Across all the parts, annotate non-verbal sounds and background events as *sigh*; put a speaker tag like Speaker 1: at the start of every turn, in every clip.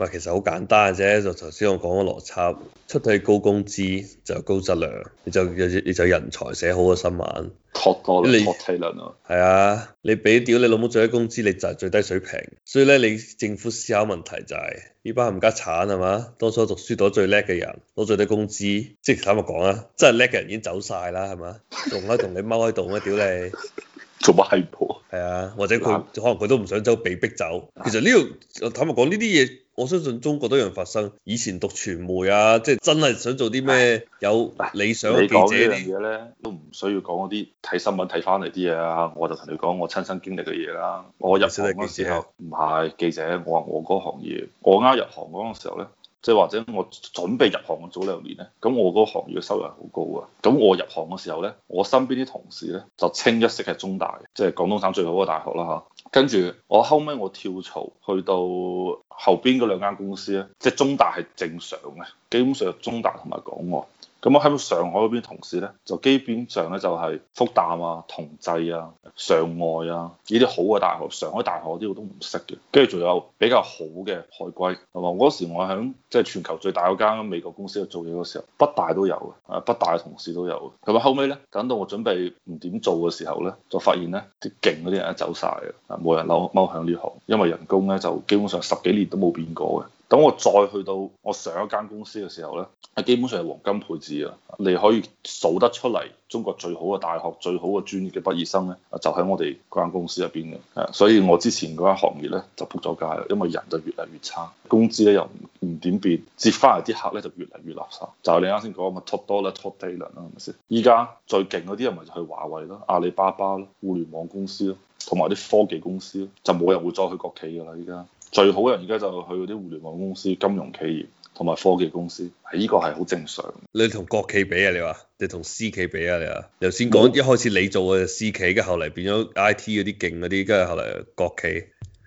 Speaker 1: 唔其實好簡單嘅啫。就頭先我講嘅邏輯，出得起高工資就高質量，你就你就人才寫好嘅新聞。學多了，學體能。係了啊，你俾屌你，你老母最低工資，你就係最低水平。所以咧，你政府思考問題就係呢班冚家鏟係嘛？當初讀書到最叻嘅人，攞最低工資。即係坦白講啊，真係叻嘅人已經走晒啦，係嘛？仲喺同你踎喺度咩屌你？做乜閪婆？係啊，或者佢可能佢都唔想走，被逼走。其實呢、這、度、個、坦白講呢啲嘢。我相信中國都有人發生。以前讀傳媒啊，即係真係想做啲咩有
Speaker 2: 理想嘅記者啲嘢咧，都唔需要講嗰啲睇新聞睇翻嚟啲嘢啊。我就同你講我親身經歷嘅嘢啦。我入行嗰時候唔係記者，我我嗰行業，我啱入行嗰個時候咧。即係或者我準備入行嘅早兩年咧，咁我嗰個行業嘅收入係好高啊，咁我入行嘅時候咧，我身邊啲同事咧就清一色係中大，即係廣東省最好嘅大學啦吓，跟住我後尾我跳槽去到後邊嗰兩間公司咧，即係中大係正常嘅，基本上中大同埋港外。咁我喺上海嗰邊同事咧，就基本上咧就係復旦啊、同濟啊、上外啊呢啲好嘅大學，上海大學嗰啲我都唔識嘅。跟住仲有比較好嘅海歸，係嘛？嗰時我喺即係全球最大嗰間美國公司度做嘢嗰時候，北大都有嘅，啊北大嘅同事都有嘅。咁啊後尾咧，等到我準備唔點做嘅時候咧，就發現咧啲勁嗰啲人咧走晒嘅，啊冇人踎踎響呢行，因為人工咧就基本上十幾年都冇變過嘅。等我再去到我上一間公司嘅時候呢，係基本上係黃金配置啊，你可以數得出嚟中國最好嘅大學、最好嘅專業嘅畢業生呢，就喺我哋嗰間公司入邊嘅。所以我之前嗰間行業呢，就仆咗街啦，因為人就越嚟越差，工資呢又唔點變，接翻嚟啲客呢就越嚟越垃圾。就係、是、你啱先講嘅，咪 Top Dollar、Top Daily 啦，係咪先？依家最勁嗰啲人咪就去華為咯、阿里巴巴咯、互聯網公司咯，同埋啲科技公司咯，就冇人會再去國企噶啦，依家。最好嘅人而家就去嗰啲互聯網公司、金融企業同埋科技公司，呢個係好正常。
Speaker 1: 你同國企比啊？你話你同私企比啊？你話頭先講一開始你做嘅私企，跟後嚟變咗 IT 嗰啲勁嗰啲，跟住後嚟國企，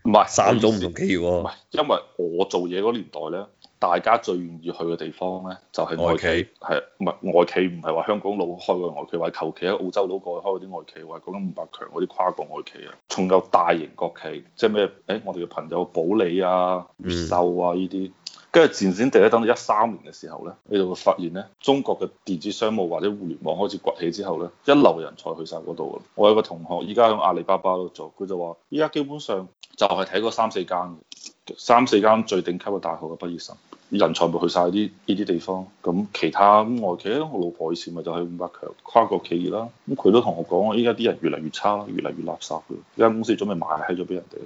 Speaker 1: 唔係是三種唔同企業。唔係
Speaker 2: 因為我做嘢嗰年代咧。大家最願意去嘅地方咧，就係、是、外企，係唔係外企？唔係話香港佬開嘅外企，話求其喺澳洲佬過去開嗰啲外企，話講緊五百強嗰啲跨國外企啊。仲有大型國企，即係咩？誒、哎，我哋嘅朋友保利啊、越秀啊呢啲，跟住漸漸地咧，等到一三年嘅時候咧，你就會發現咧，中國嘅電子商務或者互聯網開始崛起之後咧，一流人才去晒嗰度。我有個同學依家喺阿里巴巴度做，佢就話：依家基本上就係睇嗰三四間，三四間最頂級嘅大學嘅畢業生。人才咪去晒啲呢啲地方，咁其他咁外企咧，我老婆以前咪就喺五百強跨國企業啦，咁佢都同我講，依家啲人越嚟越差啦，越嚟越垃圾㗎，呢間公司準備賣閪咗俾人哋。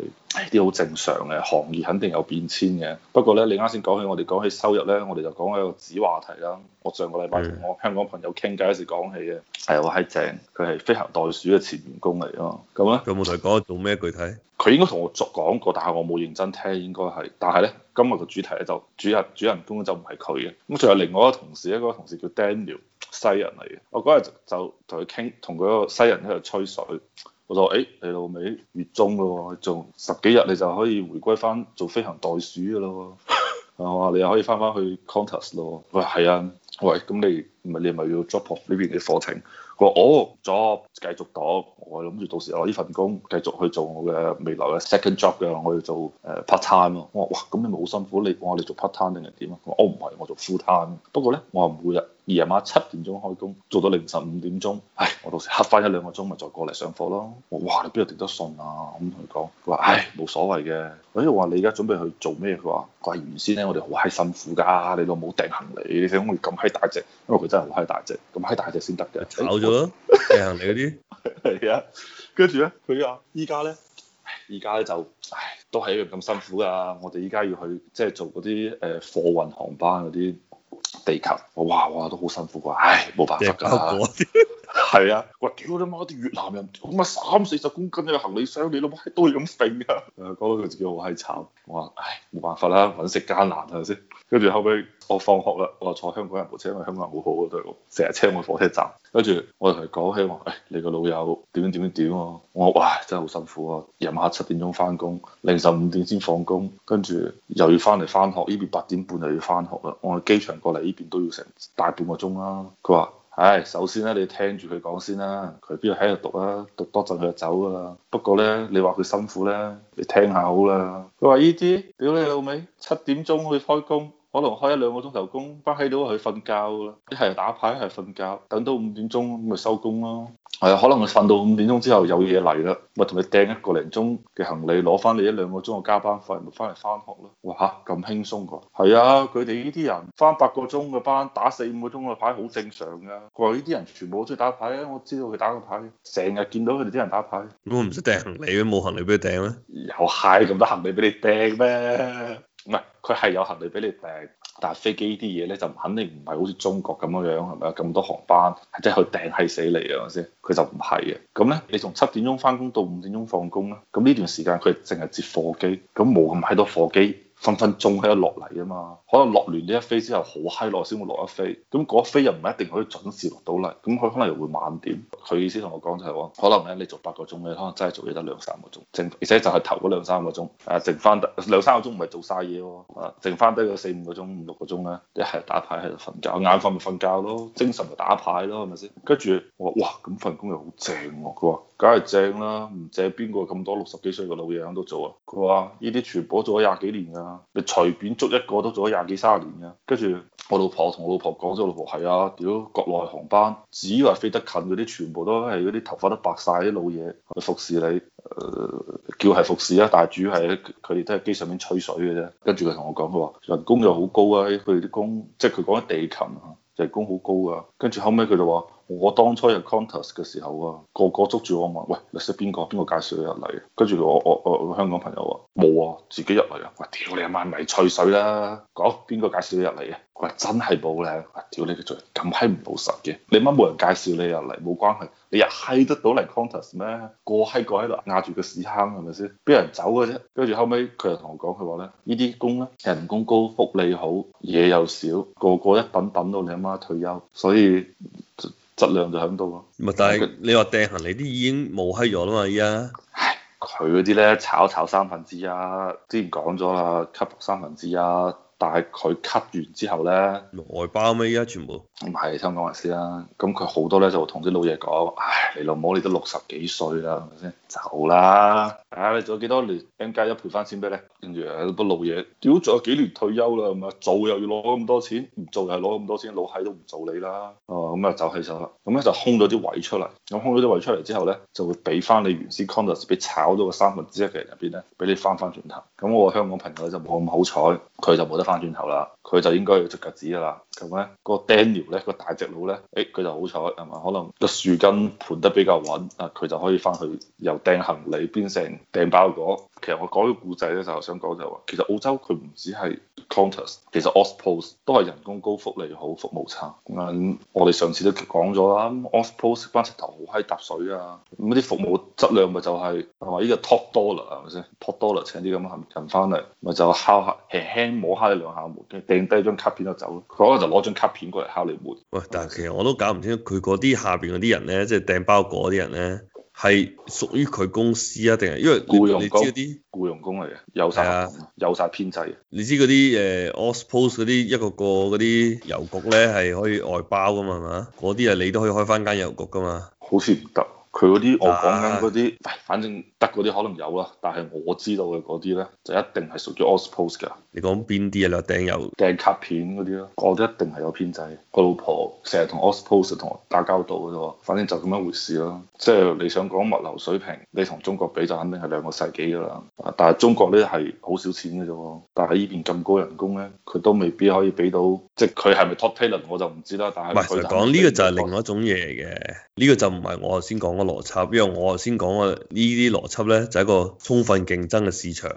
Speaker 2: 呢啲好正常嘅行業肯定有變遷嘅。不過咧，你啱先講起我哋講起收入咧，我哋就講起個子話題啦。我上個禮拜同我香港朋友傾偈嗰時講起嘅，係我閪正，佢係飛行袋鼠嘅前員工嚟咯。咁、嗯、咧，有冇同佢講做咩具體？佢應該同我講過，但係我冇認真聽，應該係。但係咧，今日嘅主題咧就主人主人公就唔係佢嘅。咁仲有另外一個同事咧，個同事叫 Daniel，西人嚟嘅。我嗰日就同佢傾，同嗰個西人喺度吹水。我就誒、哎、你到尾月中咯，仲十幾日你就可以回歸翻做飛行袋鼠噶咯，係嘛？你又可以翻翻去 contest 咯。佢話係啊，喂，咁你唔係你咪要 drop off 呢邊嘅課程？佢話哦 drop 繼續讀，我諗住到時候呢份工繼續去做我嘅未來嘅 second job 㗎，我哋做誒 part time 咯。我話哇，咁你咪好辛苦？你我哋做 part time 定係點啊？我唔係、哦，我做 full time。不過咧，我話唔會嘅。二日晚七點鐘開工，做到凌晨五點鐘，唉，我到時黑翻一兩個鐘咪再過嚟上課咯。我哇，你邊度頂得順啊？咁同佢講，佢話唉冇所謂嘅。咦，我話你而家準備去做咩？佢話佢係原先咧，我哋好閪辛苦噶，你老母掟行李，你睇我哋咁閪大隻，因為佢真係好閪大隻，咁閪大隻先得嘅，炒咗咯、啊，掟 *laughs* 行李嗰啲。係 *laughs* 啊，跟住咧，佢話依家咧，依家咧就唉，都係一樣咁辛苦噶。我哋依家要去即係做嗰啲誒貨運航班嗰啲。地球，哇哇都好辛苦啩，唉，冇辦法㗎。 *laughs* 係啊！我屌你媽啲越南人，咁啊三四十公斤嘅行李箱，你都哇都係咁肥㗎！誒，講到佢自己好閪慘，我話唉冇辦法啦，揾食艱難係咪先？跟住後尾我放學啦，我坐香港人部車，因為香港人好好嘅對，成日車我去火車站。跟住我同佢講起話，誒、哎、你個老友點樣點樣點喎？我話哇真係好辛苦啊！夜晚黑七點鐘翻工，凌晨五點先放工，跟住又要翻嚟翻學，呢邊八點半又要翻學啦。我機場過嚟呢邊都要成大半個鐘啦。佢話。唉，首先咧，你聽住佢講先啦。佢邊度喺度讀啊？讀多陣佢就走噶啦。不過咧，你話佢辛苦咧，你聽下好啦。佢話依啲屌你老味，七點鐘去開工。可能開一兩個鐘頭工，不喺度去瞓覺啦。一係打牌，一係瞓覺。等到五點鐘，咪收工咯。係啊，可能佢瞓到五點鐘之後有嘢嚟啦，咪同佢掟一個零鐘嘅行李，攞翻你一兩個鐘嘅加班費，咪翻嚟翻學咯。哇吓，咁輕鬆噶？係啊，佢哋呢啲人翻八個鐘嘅班，打四五個鐘嘅牌，好正常噶。佢話呢啲人全部都中意打牌啊，我知道佢打個牌，成日見到佢哋啲人打牌。咁唔識掟行李咩？冇行李俾你掟咩？有蟹咁多行李俾你掟咩？唔係，佢係有行李俾你訂，但係飛機啲嘢咧就肯定唔係好似中國咁樣樣，係咪？咁多航班係即係去訂係死你啊嘛先，佢就唔係嘅。咁咧，你從七點鐘返工到五點鐘放工啦，咁呢段時間佢淨係接貨機，咁冇咁閪多貨機。分分鐘喺度落嚟啊嘛，可能落完呢一飛之後好嗨耐先會落一飛，咁嗰一飛又唔係一定可以準時落到嚟，咁佢可能又會晚點。佢意思同我講就係、係、話，可能咧你做八個鐘，你可能真係做嘢得兩三個鐘，剩而且就係頭嗰兩三個鐘啊，剩翻兩三個鐘唔係做晒嘢喎，啊，剩翻得個四五、啊啊、個鐘、五六個鐘咧，一係打牌，喺度瞓覺，眼瞓咪瞓覺咯，精神咪打牌咯，係咪先？跟住我話哇，咁份工又好正喎，佢話。梗係正啦、啊，唔借邊個咁多六十幾歲嘅老嘢喺度做啊！佢話：呢啲全部做咗廿幾年㗎，你隨便捉一個都做咗廿幾三十年嘅。跟住我老婆同我老婆講咗，我老婆係啊，屌國內航班，只要係飛得近嗰啲，全部都係嗰啲頭髮都白晒啲老嘢去服侍你，誒、呃、叫係服侍啦，但係主要係佢哋都喺機上面吹水嘅啫。跟住佢同我講，佢話人工又好高啊，佢哋啲工即係佢講緊地勤啊，人工好高㗎、啊。跟住後尾佢就話。我當初入 Qantas 嘅時候啊，個個捉住我問：喂，你識邊個？邊個介紹你入嚟？跟住我我我，我香港朋友啊，冇啊，自己入嚟啊！喂，屌你阿媽咪吹水啦！講邊個介紹你入嚟嘅？佢話：真係冇咧！啊，屌你個嘴咁閪唔老實嘅！你媽冇人介紹你入嚟？冇關係，你入閪得到嚟 Qantas 咩？過過過個閪個喺度壓住個屎坑係咪先？邊有人走嘅啫？跟住後尾，佢又同我講：佢話咧，呢啲工咧，人工高，福利好，嘢又少，個個一等等到你阿媽，媽退休，所以。質量就喺咁多，唔係但係你話掟行李啲已經冇喺咗啦嘛依家唉，佢嗰啲咧炒炒三分之一之前講咗啦，吸三分之一。但係佢 cut 完之後咧，外包咪依家全部，唔係香港人先啦。咁佢好多咧就同啲老嘢講，唉，你老母你都六十幾歲啦，係咪先？走啦！啊，你做咗幾多年 N 加一賠翻錢俾你？跟住啊，啲老嘢屌，做、呃、咗幾年退休啦？咁啊做又要攞咁多錢，唔做又係攞咁多錢，老閪都唔做你啦。哦，咁、嗯、啊走起手啦。咁咧就空咗啲位出嚟。咁空咗啲位出嚟之後咧，就會俾翻你原先 Condus 俾炒到個三分之一嘅人入邊咧，俾你翻翻轉頭。咁我香港朋友就冇咁好彩，佢就冇得。翻轉頭啦，佢就應該要捽腳趾噶啦。咁咧，個 Daniel 咧，個大隻佬咧，誒、欸、佢就好彩係嘛？可能個樹根盤得比較穩啊，佢就可以翻去由掟行李變成掟包裹。其實我講呢個故仔咧，就想講就話，其實澳洲佢唔止係 Qantas，其實 Auspost 都係人工高、福利好、服務差。咁我哋上次都講咗啦，Auspost 石頭好閪搭水啊，咁啲服務質量咪就係係嘛？呢、就是、個 top dollar 係咪先？top dollar 請啲咁嘅人翻嚟咪就敲下輕輕摸下你兩下門，掟低張卡片就走，嗰攞張卡片過嚟敲你門。喂，但係其實我都搞唔清楚，
Speaker 1: 佢嗰啲下邊嗰啲人咧，即係訂包裹嗰啲人咧，係屬於佢公司啊，定
Speaker 2: 係因為僱傭你知啲僱傭工嚟嘅？有曬，有晒編制。
Speaker 1: 你知嗰啲誒 AusPost 嗰啲一個個嗰啲郵局咧，係可以外包噶嘛？係嘛？嗰啲啊，你都
Speaker 2: 可以開翻間郵局噶嘛？好似唔得。佢嗰啲我講緊嗰啲，啊、反正得嗰啲可能有啦，但係我知道嘅嗰啲咧，就一定係屬於 Auspost 㗎。你講邊啲啊？啦，訂有？訂卡片嗰啲咯，我啲一定係有編制。我老婆成日同 Auspost 同我打交道嘅啫喎，反正就咁樣回事咯。即係你想講物流水平，你同中國比就肯定係兩個世紀㗎啦。但係中國咧係好少錢嘅啫喎，但係呢邊咁高人工咧，佢都未必可以俾到，即係佢係咪 top talent 我就唔知啦。但係佢係講呢個就係另外
Speaker 1: 一種嘢嘅，呢個就唔係我先講邏輯，因為我頭先講嘅呢啲邏輯咧就係、是、一個充分競爭嘅市場。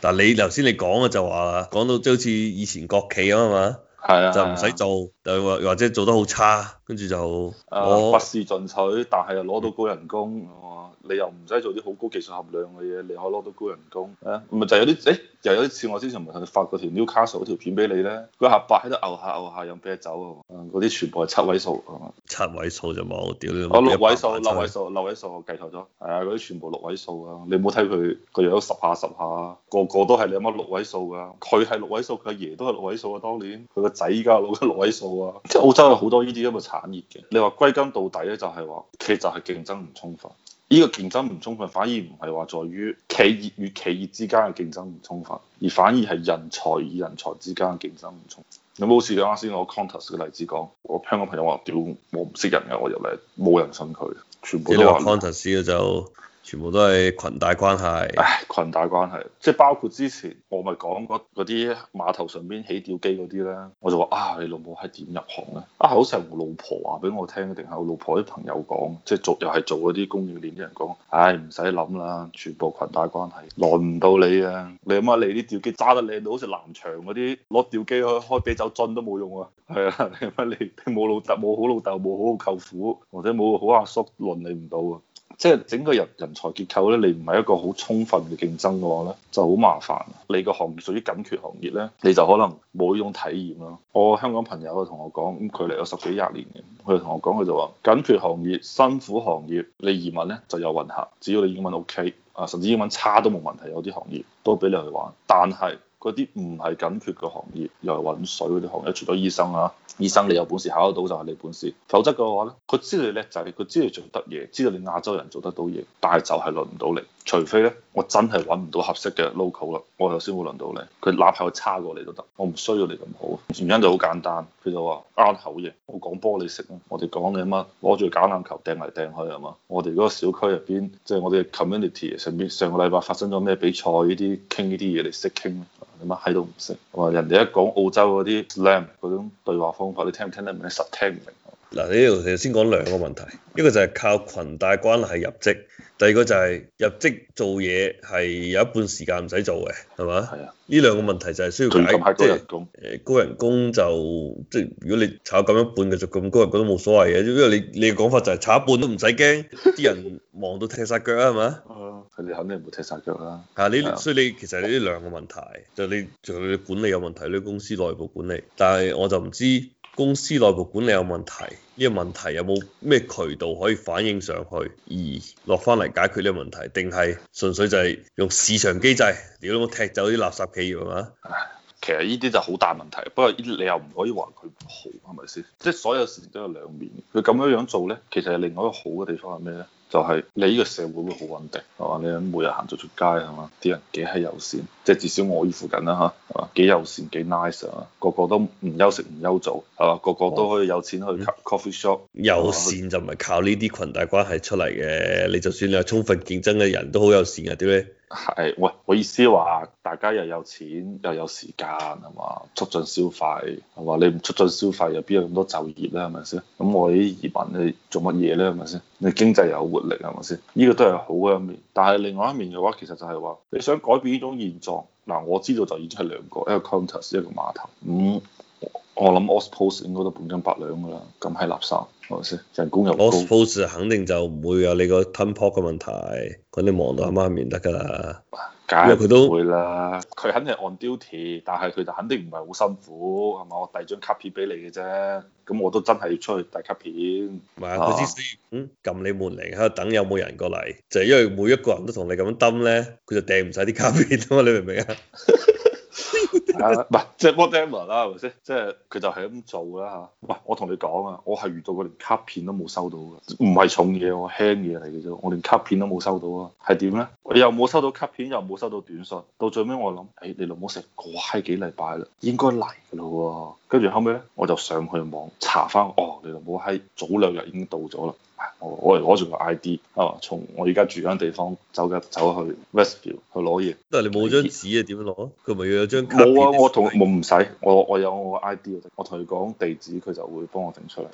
Speaker 1: 但係你頭先你講嘅就話，講到即係好似以前國企咁是啊嘛，係啊，
Speaker 2: 就唔使
Speaker 1: 做，又或是、啊、或者做得好差，跟住就
Speaker 2: 是、啊、我不思進取，但係又攞到高人工。是啊。你又唔使做啲好高技術含量嘅嘢，你可以攞到高人工啊？唔係就有啲誒，又有啲似我之前咪同發過條 Newcastle 條片俾你咧，佢下白喺度牛下牛下飲啤酒啊！嗰啲全部係七位數，七位數就冇屌我六位數，六位數，六位數，我計錯咗。係啊，嗰啲全部六位數啊！你冇睇佢，佢個樣都十下十下，個個都係你阿媽六位數啊。佢係六位數，佢阿爺都係六位數啊！當年佢個仔而家六位數啊！即係澳洲有好多呢啲咁嘅產業嘅。你話歸根到底咧，就係話其實係競爭唔充分。呢個競爭唔充分，反而唔係話在於企業與企業之間嘅競爭唔充分，而反而係人才與人才之間嘅競爭唔充分。有冇好似你啱先我 contest 嘅例子講？我香港朋友話：屌，我唔識人㗎，我入嚟冇人信佢，全部都話 contest 嘅就。全部都係裙帶關係，唉，裙帶關係，即係包括之前我咪講過嗰啲碼頭上邊起吊機嗰啲咧，我就話啊，你老母係點入行咧？啊，好似係我老婆話俾我聽，定係我老婆啲朋友講，即係做又係做嗰啲工業鏈啲人講，唉，唔使諗啦，全部裙帶關係，輪唔到你啊！你諗下你啲吊機揸得靚到好似南翔嗰啲，攞吊機去開啤酒樽都冇用喎，啊。係啊，你諗下你冇老豆冇好老豆冇好舅父，或者冇好阿叔輪你唔到啊？即係整個人人才結構咧，你唔係一個好充分嘅競爭嘅話咧，就好麻煩。你個行業屬於緊缺行業咧，你就可能冇呢種體驗咯。我香港朋友啊同我講，咁佢嚟咗十幾廿年嘅，佢同我講佢就話緊缺行業、辛苦行業，你移民咧就有混合，只要你英文 OK 啊，甚至英文差都冇問題，有啲行業都俾你去玩，但係。嗰啲唔係緊缺嘅行業，又係揾水嗰啲行業，除咗醫生啊，醫生你有本事考得到就係你本事，否則嘅話咧，佢知道你叻仔，佢知道你做得嘢，知道你亞洲人做得到嘢，但係就係輪唔到你。除非咧，我真係揾唔到合適嘅 local 啦，我頭先會輪到你。佢立拿口叉過你都得，我唔需要你咁好。原因就好簡單，佢就話啱口型，我講波你識啊，我哋講嘅乜攞住橄欖球掟嚟掟去係嘛？我哋嗰個小區入邊，即係我哋嘅 community 上邊上個禮拜發生咗咩比賽呢啲，傾呢啲嘢你識傾咩？你乜閪都唔識。話人哋一講澳洲嗰啲 slam 嗰種對話方法，你聽唔聽得明？實聽唔明。嗱，呢度
Speaker 1: 先講兩個問題，一個就係靠裙帶關係入職，第二個就係入職做嘢係有一半時間唔使做嘅，係嘛？係啊，呢兩個問題就係需要解決，高人工即係誒高人工就即係如果你炒咁一半嘅，就咁高人工都冇所謂嘅，因為你你嘅講法就係炒一半都唔使驚，啲 *laughs* 人忙到踢晒腳啊，係嘛？佢哋
Speaker 2: 肯定唔會踢晒
Speaker 1: 腳啦。吓，呢，所以你其實呢兩個問題就你，就你管理有問題，呢公司內部管理，但係我就唔知。公司內部管理有問題，呢個問題有冇咩渠道可以反映上去，而落翻嚟解決呢個問題？定係純粹就係用市場機制，屌我踢走啲垃圾企業係嘛？唉，其實呢啲就
Speaker 2: 好大問題，不過呢啲你又唔可以話佢唔好，係咪先？即係所有事情都有兩面。佢咁樣樣做咧，其實係另外一個好嘅地方係咩咧？就係你呢個社會會好穩定係嘛？你每日行咗出街係嘛？啲人幾係友善，即係至少我呢附近啦嚇係嘛？幾友善幾 nice 啊！個個都唔休息唔休早係嘛？個個都可以有錢去 coffee shop 友善
Speaker 1: 就唔係靠呢啲裙帶關係出嚟嘅。你就算你有充分競爭嘅人都好友善
Speaker 2: 嘅，點咧？係，喂，我意思話大家又有錢又有時間係嘛，促進消費係嘛，你唔促進消費又邊有咁多就業咧係咪先？咁我哋啲移民你做乜嘢咧係咪先？你經濟有活力係咪先？呢、這個都係好嘅一面，但係另外一面嘅話，其實就係話你想改變呢種現狀，嗱，我知道就已經係兩個，一個 Qantas，一個碼頭咁。嗯我諗 os post 應該都半斤八兩噶啦，咁係垃圾係咪
Speaker 1: 先？人工又 os post 肯定就唔會有你個 tempor 嘅問題，肯定望到阿媽面得噶啦，
Speaker 2: 因為佢都會啦，佢肯定 on duty，但係佢就肯定唔係好辛苦，係咪？我遞張卡片俾你嘅啫，咁我都真係要出去遞卡片，
Speaker 1: 唔係佢之所以咁撳你門嚟，喺度等有冇人過嚟，就係、是、因為每一個人都同你咁樣抌咧，佢就掟唔晒啲卡片啊嘛，你明唔明啊？ *laughs*
Speaker 2: 唔係、 *laughs* 啊，即係 whatever 啦，係咪先？即係佢就係咁做啦嚇。喂，我同你講啊，我係遇到個連卡片都冇收到嘅，唔係重嘢，我輕嘢嚟嘅啫。我連卡片都冇收到啊，係點咧？我又冇收到卡片，又冇收到短信。到最屘我諗，誒、哎，你老母成鬼幾禮拜啦，應該嚟㗎啦喎。跟住後尾咧，我就上去網查翻，哦，你老母閪，早兩日已經到咗啦。我我係攞住個 I D，啊，從我而家住緊地方走入走去 r e s c u e 去攞嘢。
Speaker 1: 但係你冇張紙啊，點樣攞？
Speaker 2: 佢咪要有張卡？冇啊！我同冇唔使，我我有我個 I D，我同佢講地址，佢就會幫我整出嚟。